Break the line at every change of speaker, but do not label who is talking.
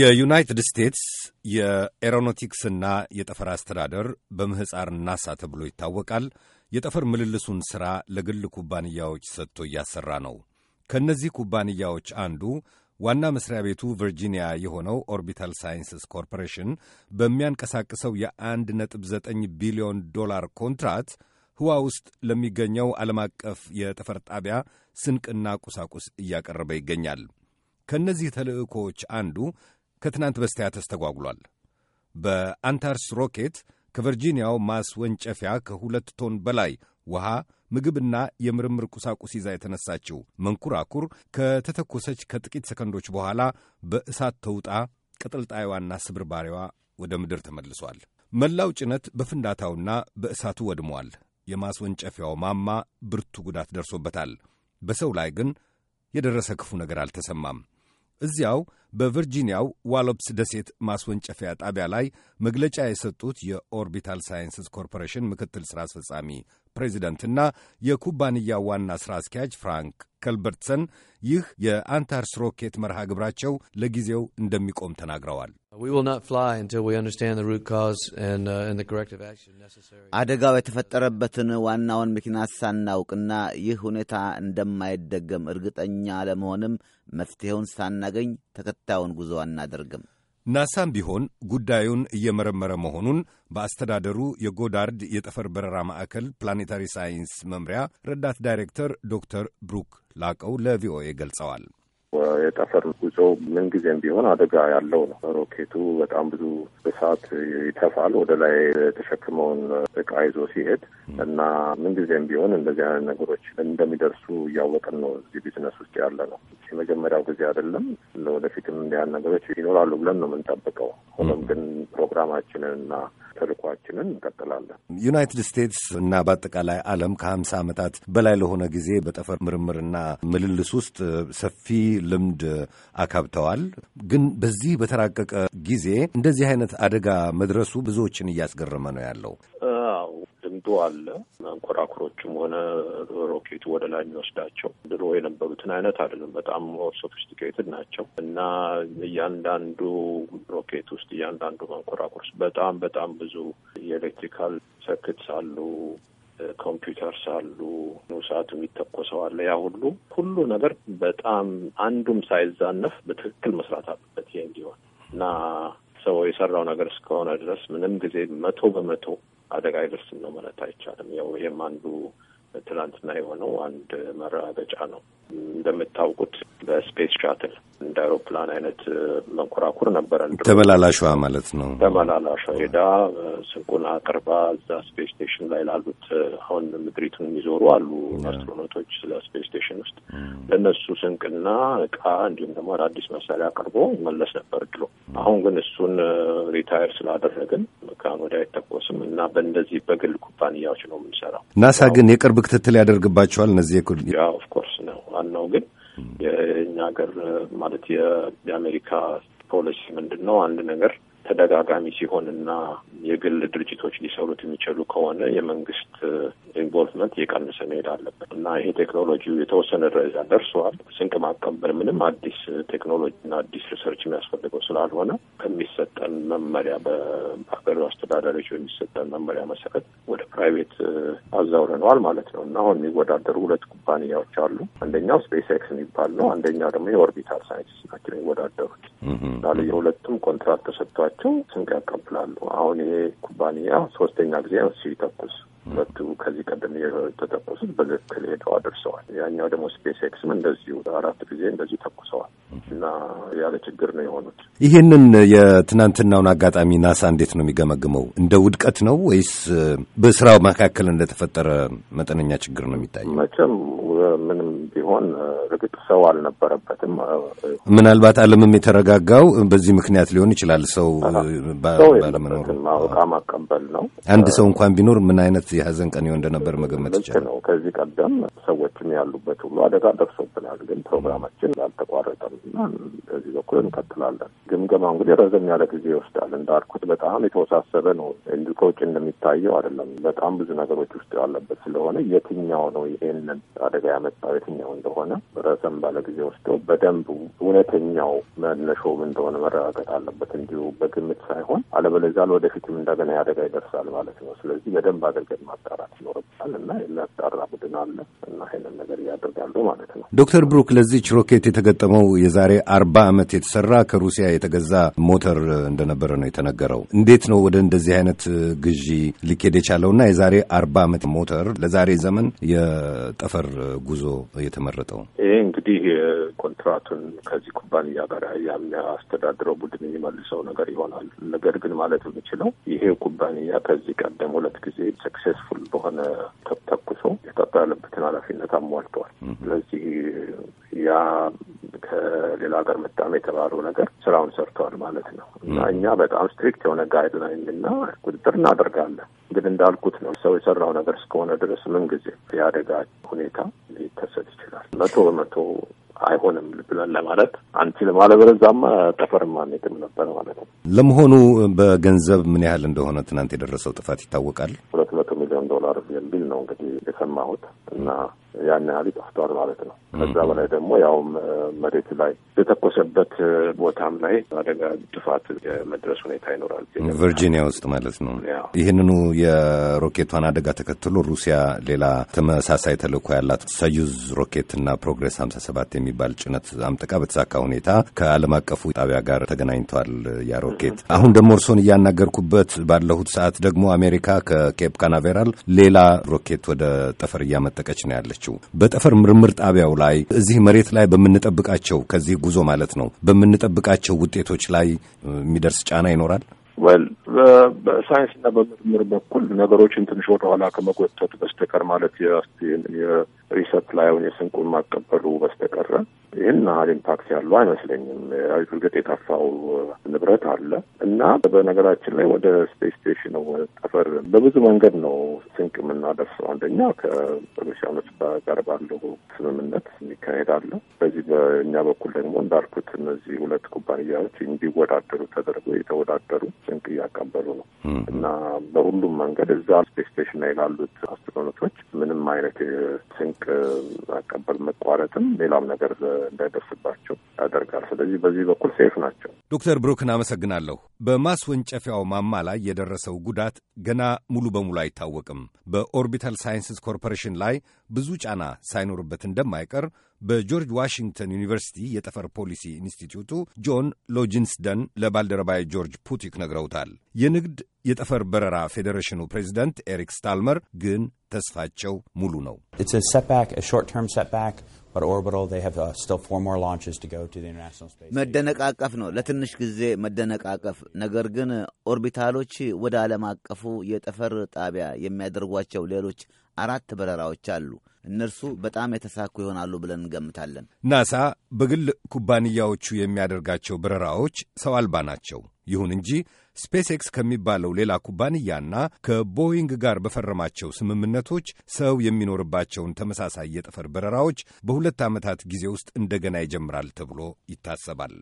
የዩናይትድ ስቴትስ የኤሮኖቲክስና የጠፈር አስተዳደር በምህፃር ናሳ ተብሎ ይታወቃል። የጠፈር ምልልሱን ሥራ ለግል ኩባንያዎች ሰጥቶ እያሰራ ነው። ከእነዚህ ኩባንያዎች አንዱ ዋና መስሪያ ቤቱ ቨርጂኒያ የሆነው ኦርቢታል ሳይንስስ ኮርፖሬሽን በሚያንቀሳቅሰው የ1.9 ቢሊዮን ዶላር ኮንትራት ህዋ ውስጥ ለሚገኘው ዓለም አቀፍ የጠፈር ጣቢያ ስንቅና ቁሳቁስ እያቀረበ ይገኛል። ከእነዚህ ተልዕኮዎች አንዱ ከትናንት በስቲያ ተስተጓጉሏል። በአንታርስ ሮኬት ከቨርጂኒያው ማስ ወንጨፊያ ከሁለት ቶን በላይ ውሃ፣ ምግብና የምርምር ቁሳቁስ ይዛ የተነሳችው መንኩራኩር ከተተኮሰች ከጥቂት ሰከንዶች በኋላ በእሳት ተውጣ ቅጥልጣዩዋና ስብርባሪዋ ወደ ምድር ተመልሷል። መላው ጭነት በፍንዳታውና በእሳቱ ወድሟል። የማስወንጨፊያው ማማ ብርቱ ጉዳት ደርሶበታል። በሰው ላይ ግን የደረሰ ክፉ ነገር አልተሰማም። እዚያው በቨርጂኒያው ዋሎፕስ ደሴት ማስወንጨፊያ ጣቢያ ላይ መግለጫ የሰጡት የኦርቢታል ሳይንስስ ኮርፖሬሽን ምክትል ሥራ አስፈጻሚ ፕሬዚደንትና የኩባንያ ዋና ሥራ አስኪያጅ ፍራንክ ከልበርትሰን ይህ የአንታርስ ሮኬት መርሃ ግብራቸው ለጊዜው እንደሚቆም ተናግረዋል።
uh, አደጋው የተፈጠረበትን ዋናውን ምክንያት ሳናውቅና ይህ ሁኔታ
እንደማይደገም እርግጠኛ ለመሆንም መፍትሔውን ሳናገኝ ተከታዩን ጉዞ አናደርግም። ናሳም ቢሆን ጉዳዩን እየመረመረ መሆኑን በአስተዳደሩ የጎዳርድ የጠፈር በረራ ማዕከል ፕላኔታሪ ሳይንስ መምሪያ ረዳት ዳይሬክተር ዶክተር ብሩክ ላቀው ለቪኦኤ ገልጸዋል።
የጠፈር ጉዞ ምን ጊዜም ቢሆን አደጋ ያለው ነው። ሮኬቱ በጣም ብዙ እሳት ይተፋል ወደ ላይ የተሸክመውን እቃ ይዞ ሲሄድ እና ምን ጊዜም ቢሆን እንደዚህ አይነት ነገሮች እንደሚደርሱ እያወቅን ነው እዚህ ቢዝነስ ውስጥ ያለ ነው። የመጀመሪያው ጊዜ አይደለም። ለወደፊትም እንዲያን ነገሮች ይኖራሉ ብለን ነው የምንጠብቀው። ሆኖም ግን ፕሮግራማችንን እና ተልኳችንን
እንቀጥላለን። ዩናይትድ ስቴትስ እና በአጠቃላይ ዓለም ከሀምሳ ዓመታት በላይ ለሆነ ጊዜ በጠፈር ምርምርና ምልልስ ውስጥ ሰፊ ልምድ አካብተዋል። ግን በዚህ በተራቀቀ ጊዜ እንደዚህ አይነት አደጋ መድረሱ ብዙዎችን እያስገረመ ነው ያለው።
ልምዱ አለ። አንኮራኩሮቹም ሆነ ሮኬቱ ወደ ላይ የሚወስዳቸው ድሮ የነበሩትን አይነት አይደለም። በጣም ሞር ሶፊስቲኬትድ ናቸው እና እያንዳንዱ ሮኬት ውስጥ እያንዳንዱ መንኮራኩር ውስጥ በጣም በጣም ብዙ የኤሌክትሪካል ሰክትስ አሉ ኮምፒውተርስ አሉ። ንውሳቱ የሚተኮሰው አለ። ያ ሁሉ ሁሉ ነገር በጣም አንዱም ሳይዛነፍ በትክክል መስራት አለበት ይህ እንዲሆን እና ሰው የሰራው ነገር እስከሆነ ድረስ ምንም ጊዜ መቶ በመቶ አደጋ አይደርስም ነው ማለት አይቻልም። ያው ይህም አንዱ ትላንትና የሆነው አንድ መረጋገጫ ነው። እንደምታውቁት በስፔስ ሻትል እንደ አውሮፕላን አይነት መንኮራኩር ነበረ። ተመላላሿ ማለት ነው። ተመላላሿ ሄዳ ስንቁን አቅርባ እዛ ስፔስ ስቴሽን ላይ ላሉት አሁን ምድሪቱን የሚዞሩ አሉ አስትሮኖቶች ስለ ስፔስ ስቴሽን ውስጥ ለእነሱ ስንቅና እቃ እንዲሁም ደግሞ አዳዲስ መሳሪያ አቅርቦ ይመለስ ነበር ድሮ። አሁን ግን እሱን ሪታየር ስላደረግን ከአሁን ወዲያ አይተኮስም እና በእንደዚህ በግል ኩባንያዎች ነው የምንሰራው። ናሳ ግን
የቅርብ ክትትል ያደርግባቸዋል እነዚህ
ኦፍኮርስ ነው። ዋናው ግን የእኛ ሀገር ማለት የአሜሪካ ፖሊሲ ምንድን ነው? አንድ ነገር ተደጋጋሚ ሲሆን እና የግል ድርጅቶች ሊሰሩት የሚችሉ ከሆነ የመንግስት ኢንቮልቭመንት እየቀነሰ መሄድ አለበት እና ይሄ ቴክኖሎጂ የተወሰነ ደረጃ ደርሰዋል። ስንቅ ማቀበል ምንም አዲስ ቴክኖሎጂና አዲስ ሪሰርች የሚያስፈልገው ስላልሆነ ከሚሰጠን መመሪያ በሀገር አስተዳዳሪዎች በሚሰጠን መመሪያ መሰረት ወደ ፕራይቬት አዛውረነዋል ማለት ነው እና አሁን የሚወዳደሩ ሁለት ኩባንያዎች አሉ። አንደኛው ስፔስ ኤክስ የሚባል ነው። አንደኛው ደግሞ የኦርቢታል ሳይንስ ናቸው የሚወዳደሩት እና ኮንትራክት ተሰጥቷቸው ስንቅ ያቀብላሉ። አሁን ኩባንያ ሶስተኛ ጊዜ ነው ሲተኩስ ሁለቱ ከዚህ ቀደም የተተኮሱት በትክክል ሄደው አድርሰዋል። ያኛው ደግሞ ስፔስ ኤክስም እንደዚሁ አራት ጊዜ እንደዚሁ ተኩሰዋል። እና ያለ ችግር ነው የሆኑት።
ይህንን የትናንትናውን አጋጣሚ ናሳ እንዴት ነው የሚገመግመው? እንደ ውድቀት ነው ወይስ በስራው መካከል እንደተፈጠረ መጠነኛ ችግር ነው የሚታየው? መቼም
ምንም ቢሆን እርግጥ ሰው አልነበረበትም።
ምናልባት ዓለምም የተረጋጋው በዚህ ምክንያት ሊሆን ይችላል። ሰው ባለመኖሩ
እቃ ማቀበል ነው።
አንድ ሰው እንኳን ቢኖር ምን አይነት የሀዘን ቀን ይሆን እንደነበር መገመት ይቻላል። ከዚህ ቀደም ሰዎችም ያሉበት ሁሉ አደጋ ደርሶብናል፣ ግን ፕሮግራማችን አልተቋረጠም እና በዚህ በኩል እንቀጥላለን።
ግምገማ እንግዲህ ረዘም ያለ ጊዜ ይወስዳል። እንዳልኩት በጣም የተወሳሰበ ነው። ከውጭ እንደሚታየው አይደለም። በጣም ብዙ ነገሮች ውስጥ ያለበት ስለሆነ የትኛው ነው ይሄንን አደጋ ያመጣው የትኛው እንደሆነ ረዘም ባለ ጊዜ ወስደው በደንብ እውነተኛው መነሾም እንደሆነ መረጋገጥ አለበት፣ እንዲሁ በግምት ሳይሆን አለበለዚያ ወደፊትም እንደገና ያደጋ ይደርሳል ማለት ነው። ስለዚህ በደንብ አድርገን ማጣራት ይኖርብናል እና የሚያጣራ ቡድን አለ እና ይሄንን ነገር እያደርጋሉ ማለት
ነው። ዶክተር ብሩክ ለዚች ሮኬት የተገጠመው የዛሬ አርባ ዓመት የተሰራ ከሩሲያ የተገዛ ሞተር እንደነበረ ነው የተነገረው። እንዴት ነው ወደ እንደዚህ አይነት ግዢ ሊኬድ የቻለውና የዛሬ አርባ ዓመት ሞተር ለዛሬ ዘመን የጠፈር ጉዞ የተመረጠው?
ይህ እንግዲህ ኮንትራቱን ከዚህ ኩባንያ ጋር የሚያስተዳድረው ቡድን የሚመልሰው ነገር ይሆናል። ነገር ግን ማለት የምችለው ይሄ ኩባንያ ከዚህ ቀደም ሁለት ጊዜ ሰክሴስፉል በሆነ ተኩሶ የተጣለበትን ኃላፊነት አሟልተዋል። ስለዚህ በተባለው ነገር ስራውን ሰርተዋል ማለት ነው እና እኛ በጣም ስትሪክት የሆነ ጋይድላይን እና ቁጥጥር እናደርጋለን። ግን እንዳልኩት ነው ሰው የሰራው ነገር እስከሆነ ድረስ ምን ጊዜ የአደጋ ሁኔታ ሊከሰት ይችላል። መቶ በመቶ አይሆንም ብለን ለማለት አንችልም። አለበለዚያማ ጠፈርም አንሄድም ነበር ማለት ነው።
ለመሆኑ በገንዘብ ምን ያህል እንደሆነ ትናንት የደረሰው ጥፋት ይታወቃል?
ሁለት መቶ ሚሊዮን ዶላር የሚል ነው እንግዲህ የሰማሁት እና ያን ያህል ይጠፍቷል ማለት ነው። ከዛ በላይ ደግሞ ያውም መሬት ላይ የተኮሰበት ቦታም ላይ አደጋ ጥፋት የመድረስ ሁኔታ ይኖራል።
ቨርጂኒያ ውስጥ ማለት ነው። ይህንኑ የሮኬቷን አደጋ ተከትሎ ሩሲያ ሌላ ተመሳሳይ ተልእኮ ያላት ሰዩዝ ሮኬትና ፕሮግሬስ ሀምሳ ሰባት የሚባል ጭነት አምጥቃ በተሳካ ሁኔታ ከዓለም አቀፉ ጣቢያ ጋር ተገናኝቷል ያ ሮኬት። አሁን ደግሞ እርሶን እያናገርኩበት ባለሁት ሰዓት ደግሞ አሜሪካ ከኬፕ ካናቬራል ሌላ ሮኬት ወደ ጠፈር እያመጠቀች ነው ያለች ያደረጋችሁ በጠፈር ምርምር ጣቢያው ላይ እዚህ መሬት ላይ በምንጠብቃቸው ከዚህ ጉዞ ማለት ነው በምንጠብቃቸው ውጤቶች ላይ የሚደርስ ጫና ይኖራል?
ወል በሳይንስና በምርምር በኩል ነገሮችን ትንሽ ወደኋላ ከመጎተት በስተቀር ማለት የሪሰርች ላይ አሁን የስንቁን ማቀበሉ በስተቀረ ይህን ያህል ኢምፓክት ያለው አይመስለኝም። እርግጥ የጠፋው ንብረት አለ እና በነገራችን ላይ ወደ ስፔስ ስቴሽን ጠፈር በብዙ መንገድ ነው ስንቅ የምናደርሰው። አንደኛ ከሩሲያኖች ጋር ባለው ስምምነት የሚካሄድ አለ። በዚህ በእኛ በኩል ደግሞ እንዳልኩት እነዚህ ሁለት ኩባንያዎች እንዲወዳደሩ ተደርጎ የተወዳደሩ ስንቅ እያቀበሉ ነው እና በሁሉም መንገድ እዛ ስፔስ ስቴሽን ላይ ላሉት አስትሮኖቶች ምንም አይነት ስንቅ አቀበል መቋረጥም ሌላም ነገር እንዳይደርስባቸው ያደርጋል። ስለዚህ በዚህ በኩል ሴፍ ናቸው።
ዶክተር ብሩክን አመሰግናለሁ። በማስወንጨፊያው ማማ ላይ የደረሰው ጉዳት ገና ሙሉ በሙሉ አይታወቅም። በኦርቢታል ሳይንስስ ኮርፖሬሽን ላይ ብዙ ጫና ሳይኖርበት እንደማይቀር በጆርጅ ዋሽንግተን ዩኒቨርሲቲ የጠፈር ፖሊሲ ኢንስቲትዩቱ ጆን ሎጂንስደን ለባልደረባይ ጆርጅ ፑቲክ ነግረውታል። የንግድ የጠፈር በረራ ፌዴሬሽኑ ፕሬዚደንት ኤሪክ ስታልመር ግን ተስፋቸው ሙሉ ነው። but orbital, they have uh, still four more launches to go to the International Space
Station. አራት በረራዎች አሉ። እነርሱ በጣም የተሳኩ ይሆናሉ ብለን እንገምታለን።
ናሳ በግል ኩባንያዎቹ የሚያደርጋቸው በረራዎች ሰው አልባ ናቸው። ይሁን እንጂ ስፔስ ኤክስ ከሚባለው ሌላ ኩባንያና ከቦይንግ ጋር በፈረማቸው ስምምነቶች ሰው የሚኖርባቸውን ተመሳሳይ የጠፈር በረራዎች በሁለት ዓመታት ጊዜ ውስጥ እንደገና ይጀምራል ተብሎ ይታሰባል።